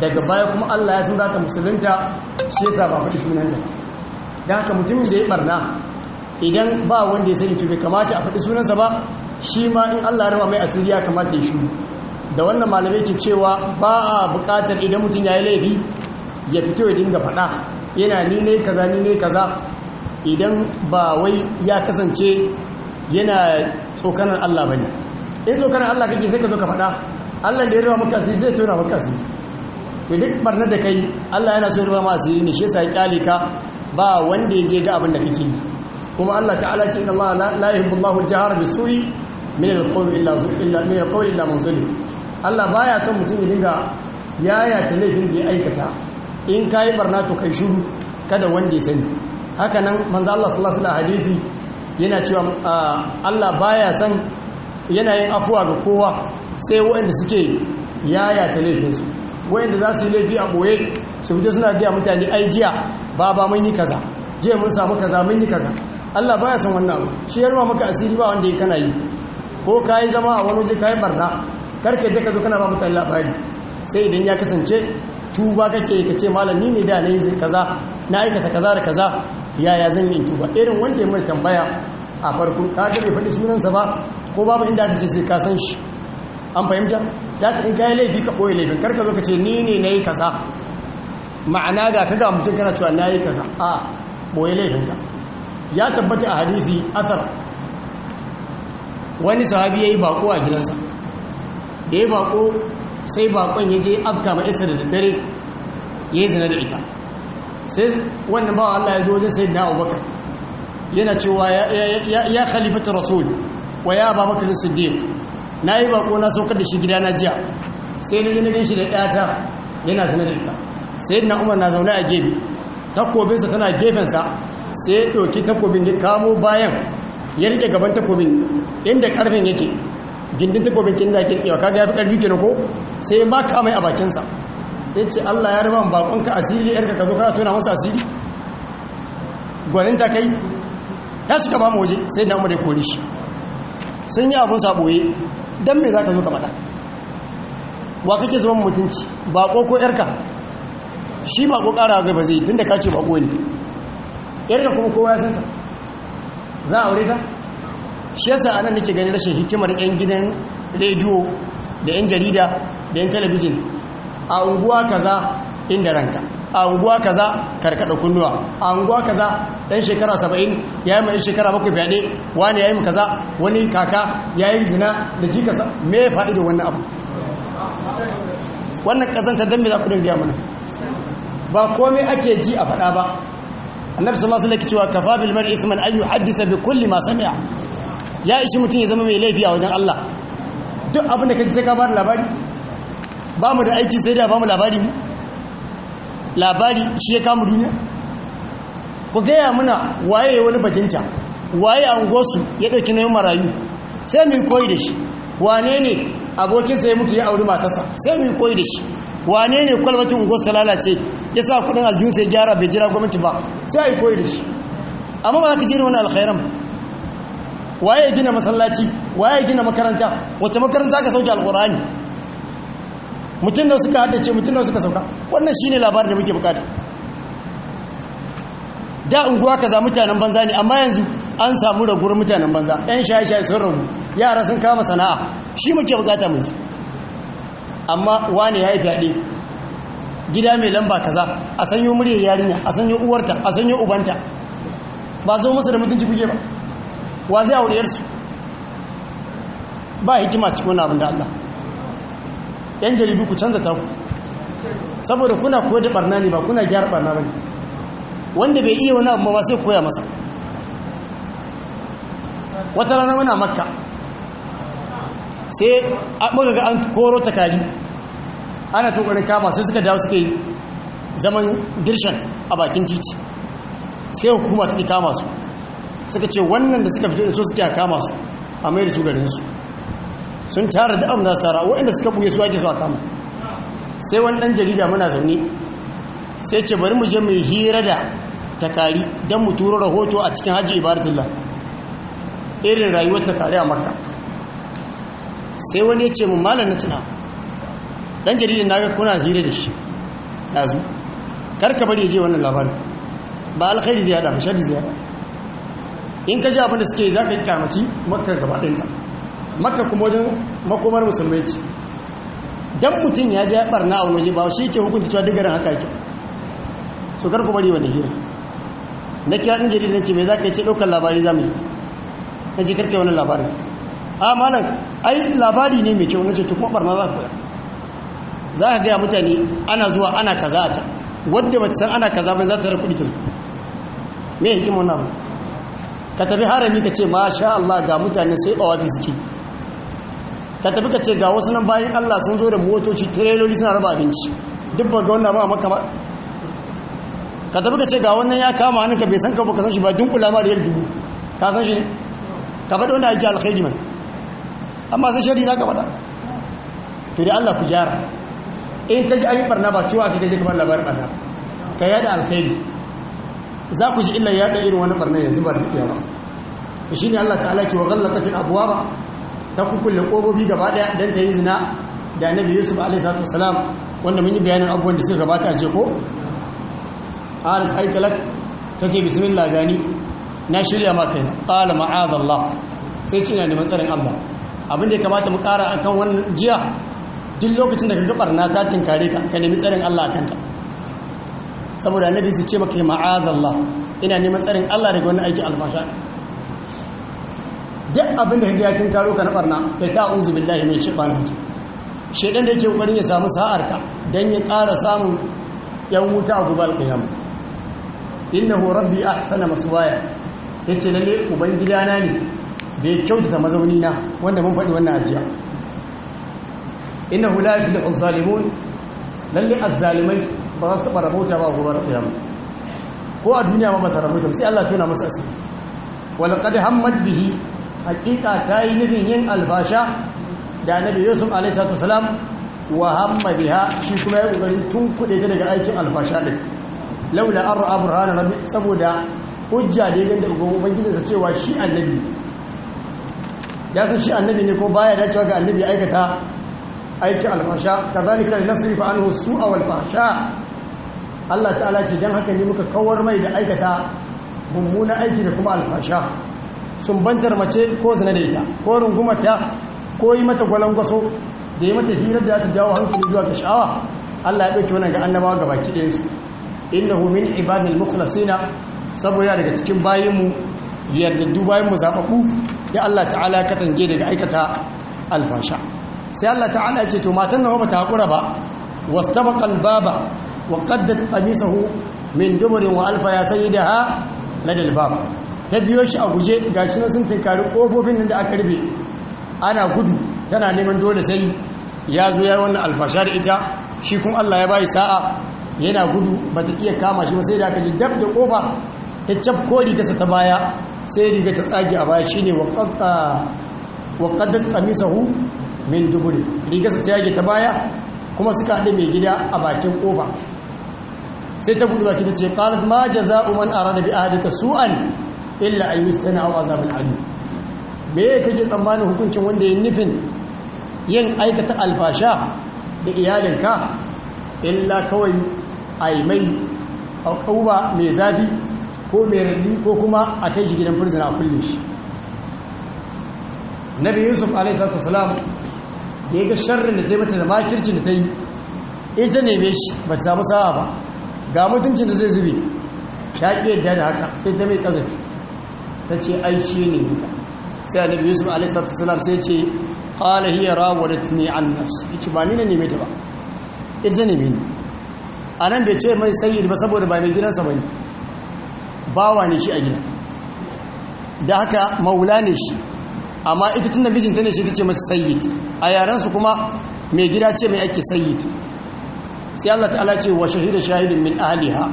daga baya kuma Allah ya san za ta musulunta shi yasa ba faɗi sunanta da haka mutumin da ya barna idan ba wanda ya sani to bai kamata a faɗi sunansa ba shi ma in Allah ya rama mai asiri ya kamata ya shuru da wannan malamai ke cewa ba a bukatar idan mutum ya yi laifi ya fito ya dinga faɗa yana ni ne kaza ni ne kaza idan ba wai ya kasance yana tsokanar Allah ba ne. in tsokanar Allah kake sai ka zo ka faɗa Allah da ya rama maka asiri zai tona maka asiri to duk barna da kai Allah yana so ya rama asiri ne shi yasa ya kyale ka ba wanda ya je ga abin da kake yi kuma Allah ta'ala ce inna Allah la yuhibbu Allahu al-jahra bisu'i min alqawli illa illa Allah baya son mutum ya dinga yaya ta laifin da ya aikata in kai barna to kai shiru kada wanda ya sani haka nan manzo Allah sallallahu alaihi hadisi yana cewa ah, Allah baya son yana yin afuwa ga kowa sai waɗanda suke yaya ta laifinsu waɗanda za su yi laifi a ɓoye su fito suna ga mutane ai jiya ba ba mun yi kaza jiya mun samu kaza mun yi kaza Allah baya son wannan shi ya maka asiri ba wanda ya kana yi ko ka yi zama a wani waje ka yi barna karka duka ka zo kana ba mutane labari sai idan ya kasance tuba kake ka ce malami ne da na yi kaza na aikata kaza da kaza yaya zan yi tuba irin wanda mai tambaya a farko ka ga bai faɗi sunansa ba ko babu inda ka ce sai ka san shi an fahimta da in ka yi laifi ka ɓoye laifin karka zo ka ce ni ne na yi kaza ma'ana ga kaga mutum kana cewa na yi kaza a ɓoye laifinka ya tabbata a hadisi asar wani sahabi ya yi bako a gidansa da ya bako sai bakon ya je abka ma isa da daddare ya yi zina da ita sai wannan bawa Allah ya zo wajen sai na abubakar yana cewa ya khalifatar rasul wa ya Bakar siddiq na yi bako na saukar da shi gida na jiya sai na gina shi da ɗata yana zina da ita sai na umar na zaune a gefe takobinsa tana gefensa sai ya ɗauki takobin ya kamo bayan ya rike gaban takobin inda karfin yake gindin takobin kin da kirkewa kaga fi karfi kenan ko sai ma ka mai a bakin sa yace Allah ya ruban bakon ka asiri yarka ka zo ka tona masa asiri gwanin ta kai ta shiga ba mu waje sai da Umar ya kore shi sun yi abun saboye dan me zaka zo ka mata wa kake zama mutunci bako ko yarka shi bako kara ga ba zai tunda ka ce bako ne yarka kuma kowa ya san ta za a aure ta shi yasa anan nake ganin rashin hikimar yan gidan rediyo da yan jarida da yan talabijin a unguwa kaza inda ranka a unguwa kaza karkada kunnuwa a unguwa kaza dan shekara 70 yi mai shekara bakwai fiyade wani yayi kaza wani kaka yi zina da jikasa me fa'idar wannan abu wannan kazanta dan me za ku dinga mana ba komai ake ji a faɗa ba annabi sallallahu alaihi wasallam cewa kafa bil mar'i isman an yuhaddisa bi kulli ma sami'a ya ishi mutum ya zama mai laifi a wajen Allah duk abin da kaji sai ka bada labari ba mu da aiki sai da ba mu labari mu labari shi ya kama duniya ku gaya muna waye wani bajinta waye gosu ya ɗauki nayin marayu sai mu koyi da shi wane ne abokinsa ya mutu ya auri matarsa sai mu koyi da shi wane ne kwalbatin unguwar ta lalace ya sa kudin aljihun sai gyara bai jira gwamnati ba sai a yi koyi da shi amma ba za ka jira wani alkhairan ba waye gina masallaci waye gina makaranta wace makaranta ka sauke alkur'ani mutum da suka haddace mutum da suka sauka wannan shine labarin da muke bukata da unguwa kaza mutanen banza ne amma yanzu an samu raguwar mutanen banza yan shaye-shaye sun ragu yara sun kama sana'a shi muke bukata mai amma wane ya yi fyaɗe gida mai lamba kaza a sanyo murya yarinya a sanyo uwarta a sanyo ubanta ba zo masa da mutunci kuke ba wa zai auriyar ba hikima cikin wani abin da Allah yan jaridu ku canza taku saboda kuna koyar da barna ne ba kuna gyara barna ba ne wanda bai iya wani abu ba sai koya masa wata rana muna makka sai muka ga an koro takari ana tokarin kama sai suka dawo suka yi zaman dirshan a bakin titi sai hukuma ta kama su suka ce wannan da suka fito da so suke kama su a mai da su garinsu sun tara da abin da su tara waɗanda suka buge su ake su a kama sai wani ɗan jarida muna zaune sai ce bari mu je mai hira da takari don mu turo rahoto a cikin hajji ibaratullah irin rayuwar takari a makka sai wani ya ce mun malar na tuna ɗan jaridin na ga kuna hira da shi dazu kar ka bari ya je wannan labarin ba alkhairi zai hada mashadi zai yada in ka ji abinda suke yi za ka yi kamaci makka gaba ɗinta makka kuma wajen makomar musulmai ce dan mutum ya ji ya na a waje ba shi ke hukunta cewa digarin haka yake su karku bari wani hira na kira ɗin jaridar ce mai za ka yi ce ɗaukar labari za mu yi na ji karkai wani labarin a ah, malam ai labari ne mai kyau nace to kuma barna za ka za ka gaya mutane ana zuwa ana kaza a can wadda ta san ana kaza ba za ta rakuɗi ta me hikim wannan abu ka tafi harami ka ce masha Allah ga mutane sai tsawafi suke ka tafi ka ce ga wasu nan bayan Allah sun zo da motoci tireloli suna raba abinci duk ba ga wannan ba maka ba ka tafi ka ce ga wannan ya kama hannunka bai san ka ba ka san shi ba dunkula ma da yadda dubu ka san shi ne ka faɗi wanda ake alkhairi mai amma sai shari za ka faɗa to da Allah ku in ka ayi barna ba cewa ka je kamar labarin barna ka yada alkhairi za ku ji illa yada irin wani barna yanzu ba da dukiya ba to shine Allah ta'ala ce wa ghallaqatil abwaba ta kukulle kofofi gaba daya dan ta yi zina da annabi Yusuf alaihi salatu wasalam wanda mun yi bayanin abubuwan da suka gabata a ce ko qalat aitalak take bismillah gani na shirya maka qala ma'adallah sai ce ne neman tsarin Allah abin da ya kamata mu ƙara kan wannan jiya duk lokacin da kaga barna ta tinkare ka ka nemi tsarin Allah a kanta saboda annabi su ce maka ma'azallah ina neman tsarin Allah daga wani aiki alfasha duk abin da kaga ya tinkaro ka na barna kai ta uzu billahi min shaitanir rajim shaidan da yake kokarin ya samu sa'ar ka dan ya kara samun yan wuta a gubal qiyam innahu rabbi ahsana maswaya yace lalle ubangidana ne da ya kyautata mazauni na wanda mun faɗi wannan ajiya innahu la yuflihu zalimun lalle azzalimai ba za su taɓa rabauta ba gobe da kiyama ko a duniya ma ba su rabauta sai Allah tona musu asiri Wani hammat bihi haqiqa ta yi nufin yin albasha da annabi Yusuf alaihi salatu wasalam wa hamma biha shi kuma ya kokari tun kuɗe ta daga aikin albasha din laula an ra'a rabbi saboda hujja da ya ganda ubangijinsa cewa shi annabi ya san shi annabi ne ko baya dacewa ga annabi aikata aiki alfasha ta kazalika fa anhu su'a wal fahsha Allah ta'ala ce dan haka ne muka kawar mai da aikata mummuna aiki da kuma alfasha bantar mace ko zina da ita ko ta ko yi mata gwalangwaso da yi mata hirar da ta jawo hankali zuwa ga sha'awa Allah ya ɗauki wannan ga annabawa ga baki ɗayan su innahu min ibadil mukhlasina saboda daga cikin bayinmu yardaddu bayinmu zaɓaɓɓu da Allah ta'ala katange daga aikata alfasha sai Allah ta'ala ya ce to matan ba ta hakura ba wastabaqa albaba wa qaddat qamisahu min dubrin wa alfa ya sayyidaha lada albab ta biyo shi a guje gashi nan sun tinkari kofofin nan da aka rufe ana gudu tana neman dole sai ya zo ya wannan alfasha da ita shi kun Allah ya bai sa'a yana gudu bata iya kama shi ba sai da aka ji da kofa ta ta sa ta baya sai riga ta tsage a baya shine wa qaddat qamisahu min duburi riga ta yage ta baya kuma suka haɗe mai gida a bakin ƙofa sai ta buɗe baki ta ce qalat ma jaza'u man arada bi ahdika su'an illa an yustana aw azabun alim me kake tsammanin hukuncin wanda ya nufin yin aikata alfasha da iyalinka illa kawai yi mai auƙauba mai zafi ko mai ko kuma a kai shi gidan firzina a kulle shi nabi yusuf alaihissalatu salam da ya ga sharrin da ta yi mata da makircin da ta yi ita ne bai shi ba ta samu sa'a ba ga mutuncin da zai zube ta ƙi yadda da haka sai ta mai ƙazafi ta ce ai shi ne duka sai annabi yusuf alaihissalatu salam sai ce qala hiya tuni an nafsi ita ba ni ne mai ta ba ita ne ne nan bai ce mai sayyid ba saboda ba mai gidansa ba ne. bawa ne shi a gida da haka maula ne shi amma ita tun da mijinta ne shi ta ce masa sayyid a yarensu kuma mai gida ce mai ake sayyid sai Allah ta'ala ce wa shahida shahidin min aliha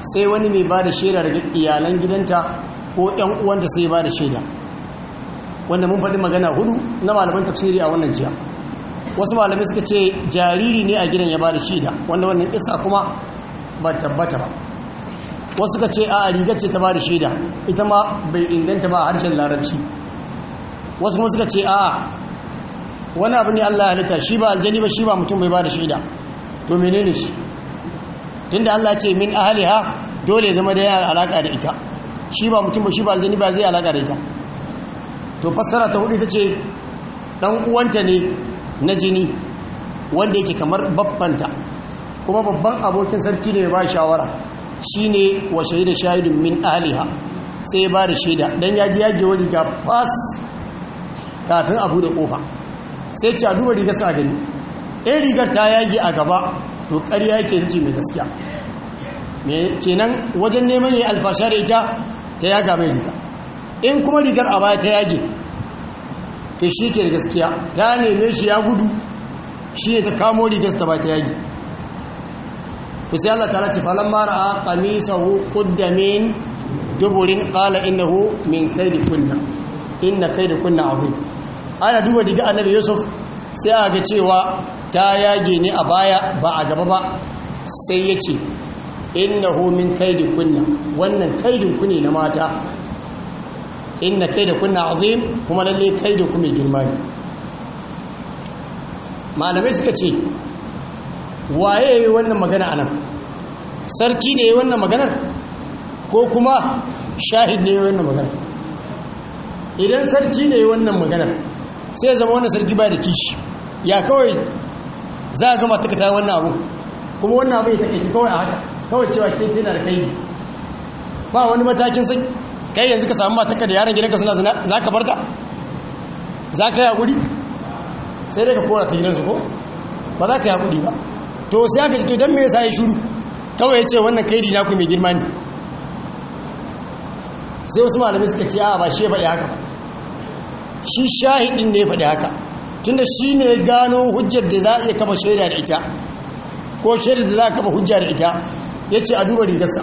sai wani mai da shaida daga iyalan gidanta ko ɗan uwanta sai bada shaida wanda mun faɗi magana hudu na malaman tafsiri a wannan jiya wasu malamai suka ce jariri ne a gidan ya ba da shaida wanda wannan isa kuma ba tabbata ba wasu ka ce a riga ce ta ba da shaida ita ma bai inganta ba a harshen larabci wasu kuma suka ce a wani abu ne Allah ya halitta shi ba aljani ba shi ba mutum bai ba da shaida to menene shi tunda Allah ce min ha dole zama da yana alaka da ita shi ba mutum ba shi ba aljani ba zai alaka da ita to fassara ta hudu ita ce dan uwanta ne na jini wanda yake kamar babbanta kuma babban abokin sarki ne ba shawara Shi ne wa shaida shaidun min aliha sai ya bada shaida don ya ji yage wani ga fas kafin abu da kofa sai ce a duba rigar sa gani in rigar ta yage a gaba to ƙarya yake ta mai gaskiya kenan wajen neman yi alfashar ita ta yaga mai riga in kuma rigar a baya ta yage ke shi ke gaskiya ta neme shi ya gudu shi ne ta kamo rigar ta ba ta yage to sai Allah ta'ala ce a ra'a qamisahu qudda min duburin inda hu min da kunna kai da kunna azim ana duba diga annabi Yusuf sai a ga cewa ta yage ne a baya ba a gaba ba sai ya ce hu min da kunna wannan kai ku ne na mata kai da kunna azim kuma lalle kai ku mai girma ne malamai suka ce waye ya yi wannan magana a nan sarki ne ya yi wannan maganar ko kuma shahid ne ya yi wannan maganar idan sarki ne ya yi wannan maganar sai zama wannan sarki ba da kishi ya kawai za a gama takata wannan abu kuma wannan abu ya takaici kawai a haka kawai cewa ke tana da kai ba wani matakin sai kai yanzu ka samu mataka da yaran gidanka suna zina za ka barta za ka yi haƙuri sai dai ka kora ta gidansu ko ba za ka yi haƙuri ba to sai aka ce to don me yasa ya shuru kawai ya ce wannan kaidi na ku mai girma ne sai wasu malamai suka ce a ba shi ya faɗi haka shi shahidin ne ya faɗi haka tunda shi ne gano hujjar da za a iya kama shaida da ita ko shaida da za a kama hujja da ita ya ce a duba rigarsa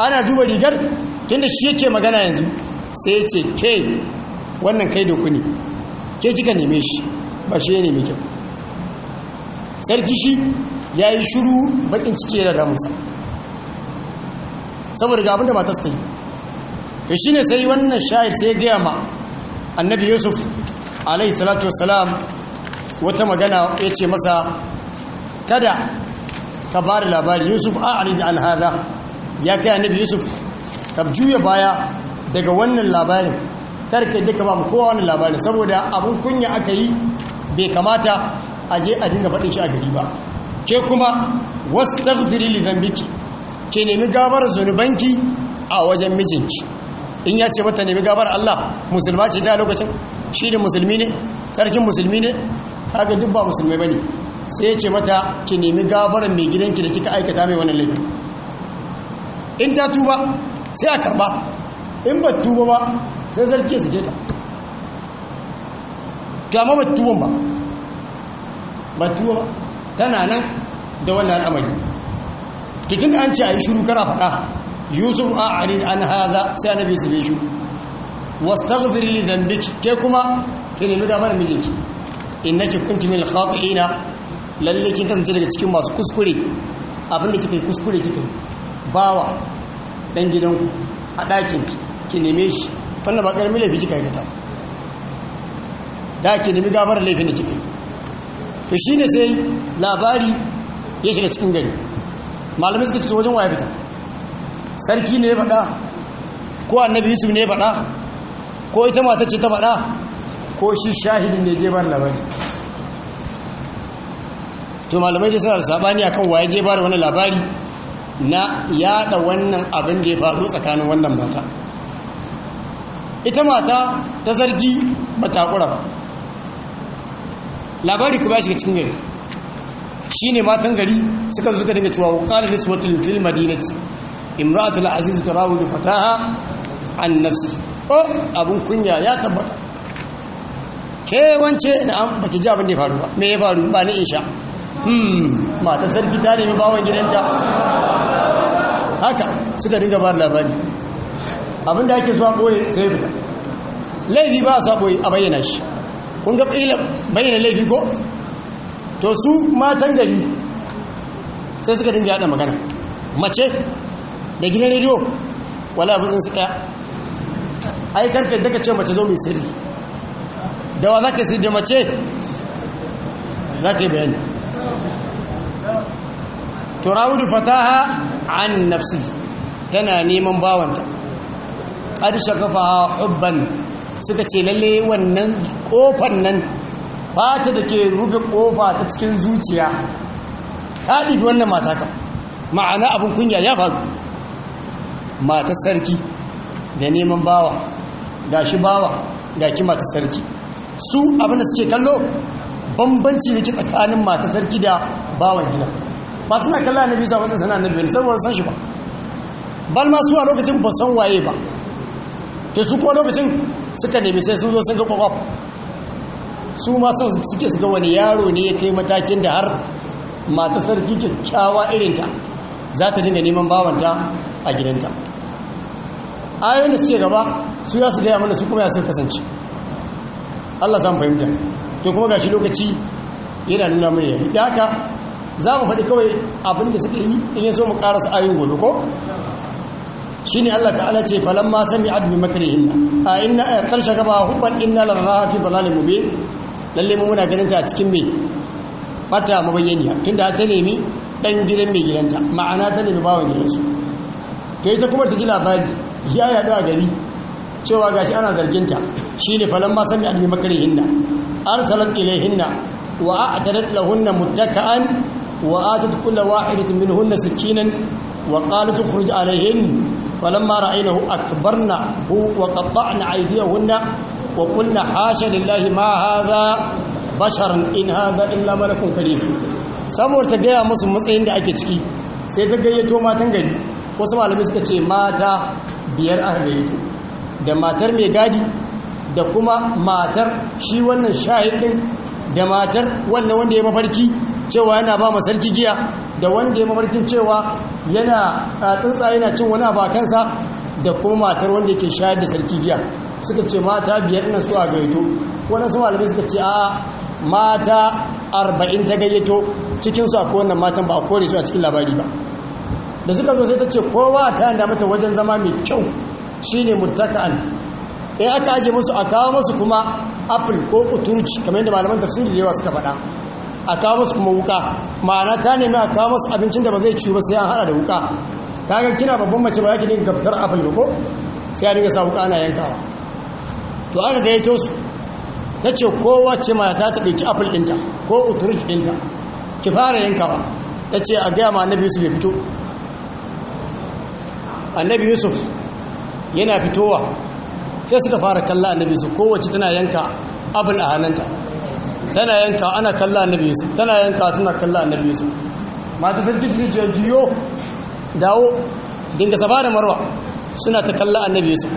ana duba rigar tunda shi yake magana yanzu sai ya ce ke wannan kai da ku ne ke kika neme shi ba shi ya neme kyau sarki shi ya yi shuru bakin ciki da damusa saboda ga abinda matas ta yi to shi ne sai wannan shayar sai gaya ma annabi yusuf alaihi salatu wasalam wata magana ya ce masa kada ka ba da labari yusuf a arid an hada ya kai annabi yusuf ka juya baya daga wannan labarin karka duka ba mu kowa wani labarin saboda abin kunya aka yi bai kamata a je a dinga faɗin shi a gari ba ke kuma wasu tafiri lizambiki ke nemi gabar zunubanki a wajen mijinki in ya ce mata nemi gabar Allah musulma ce ta lokacin shi ne musulmi ne sarkin musulmi ne kaga duk ba musulmai ne sai ya ce mata ki nemi gabaran mai gidanki da kika aikata mai wani laifin in ta tuba sai a karba in ba tuba ba sai sarki ya sake ta to ba batuwa tana nan da wannan al'amari to tun an ce a yi shuru kara faɗa yusuf a arid an haza sai annabi su bai shuru wastaghfir li dhanbiki ke kuma ki nemi gafar mijinki innaki kunti min khati'ina lalle ki kasance daga cikin masu kuskure abinda kika yi kuskure kika yi bawa dan gidanku a ɗakin ki neme shi na ba ƙarami laifi kika yi ta da ki nemi gabar laifin da kika yi to shi ne sai labari ya shiga cikin gari malamai suka fito wajen waya fita sarki ne ya faɗa ko annabi yusuf ne ya faɗa ko ita mata ce ta faɗa ko shi shahidin ne je bar labari to malamai da suna da sabani akan waya je bar wani labari na yada wannan abin da ya faru tsakanin wannan mata ita mata ta sarki ba ta ba labari kuma shiga cikin gari ne matan gari suka zo daga dinga cewa wa nisu wata fil madinati ta aziz tarawidu fataha an nafsi oh abin kunya ya tabbata kewance na an baki ji abin da ya faru ba me ya faru ba ni sha hmm mata sarki ta nemi bawon gidanta haka suka dinga ba labari abin da ake zuwa a sai fita laifi ba a sa ɓoye a bayyana shi kun ga ƙila bayyana laifi ko to su matan gari sai suka dinga yada magana mace da gidan rediyo wala abin su ɗaya ai da daga ce mace zo mai sirri da wa za ka sirri da mace za ka yi bayani turawudu fataha an nafsi tana neman bawanta ƙarshe kafa hubban suka ce lalle wannan kofar nan fata da ke rufe kofa ta cikin zuciya ta ɗibi wannan mata ka ma'ana abin kunya ya faru mata sarki da neman bawa ga shi bawa ga ki mata sarki su abin da suke kallo bambanci ke tsakanin mata sarki da bawan gina ba suna kalla na bisa wasu sana annabi saboda san shi ba bal su a lokacin ba san waye ba ke su kuma lokacin suka nemi sai sun zo sun ga kwakwaf su ma sun suke su ga wani yaro ne ya kai matakin da har mata sarki kyakkyawa irinta za ta dinga neman bawanta a gidanta ayoyin da suke gaba su ya su gaya mana su kuma ya sun kasance Allah mu fahimta to kuma gashi lokaci yana nuna mana yayi da haka za mu faɗi kawai abin da suka yi in ya so mu ƙarasa ayoyin gobe ko shine Allah ta'ala ce sami sami'at bi makrihinna a inna karshe gaba hubban inna laraha fi dalalin mubin lalle mu muna ganin ta a cikin me fata mabayyaniya tunda ta nemi ɗan gidan mai gidanta ma'ana ta nemi da gidansu to ita kuma ta ji labari ya yaɗu a gari cewa gashi ana zarginta shine falamma sami'at bi makrihinna arsalat ilayhinna wa a'tadat lahunna muttaka'an wa atat kullu wahidatin minhunna sakinan وقال تخرج عليهن فلما رأينه أكبرنه وقطعنا أيديهن وقلنا حاشا لله ما هذا basharan in haza illa malakun karim saboda ta gaya musu matsayin da ake ciki sai ta gayyato matan gari wasu malamai suka ce mata biyar aka gayyato da matar mai gadi da kuma matar shi wannan shahid ɗin, da matar wannan wanda ya mafarki cewa yana ba sarki giya da wanda ya mamarkin cewa yana tsuntsa yana cin wani abu a kansa da kuma matar wanda yake shayar da sarki giya suka ce mata biyar ina su a gaito su malamai suka ce a mata arba'in ta gayyato cikin su akwai wannan matan ba a kore su a cikin labari ba da suka zo sai ta ce kowa ta yanda mata wajen zama mai kyau shine muttaka'an in eh, aka aje musu a kawo musu kuma apple ko kuturci kamar yadda malaman tafsiri da yawa suka faɗa a kawo musu kuma wuka ma'ana ta nemi a kawo musu abincin da ba zai ciwo ba sai an hada da wuka ta ga kina babban mace ba yake dinga fitar abin da ko sai ya dinga sa wuka ana yankawa to aka yato su ta ce kowace mata ta ɗauki apple ɗinta ko uturuk ɗinta ki fara yankawa ta ce a gaya ma annabi yusuf ya fito annabi yusuf yana fitowa sai suka fara kalla annabi yusuf kowace tana yanka abin a hannunta tana yanka ana kalla annabi yusuf tana yanka tana kalla annabi yusuf mata firgit fi ta jiyo dawo dinga safa da marwa suna ta kalla annabi yusuf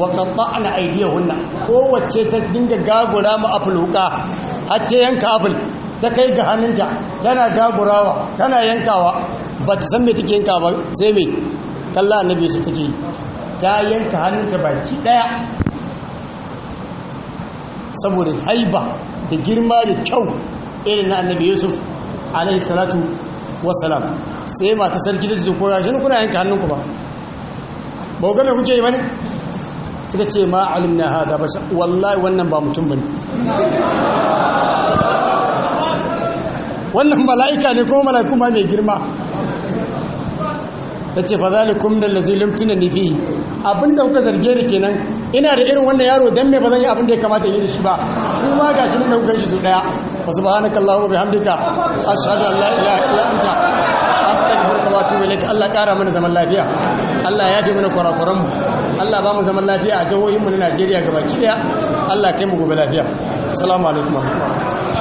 wa qatta'na aydiyahunna kowace ta dinga gagura ma afluka har ta yanka afil ta kai ga hannunta tana gagurawa tana yankawa ba ta san me take yanka ba sai me kalla annabi yusuf take yi ta yanka hannunta baki daya saboda haiba da girma da kyau irin na annabi yusuf alaihi salatu wasalam sai mata sarki da su koya shi kuna yanka hannunku ba ba ku gane kuke yi bane suka ce ma na hada ba wallahi wannan ba mutum bane wannan mala'ika ne kuma mala'iku ma mai girma ta ce fa zalikum da lazi ne fi abinda kuka zarge ni kenan ina da irin wannan yaro dan me ba zan yi abin da ya kamata yi da shi ba kuma ga shi da kuka shi su daya fa wa bihamdika ashhadu an la ilaha illa anta astaghfiruka wa atubu ilaik Allah kara mana zaman lafiya Allah ya fi mana kwarakwaran mu Allah ba mu zaman lafiya a jahohin mu na Najeriya ki daya Allah kai mu gobe lafiya assalamu alaikum wa rahmatullahi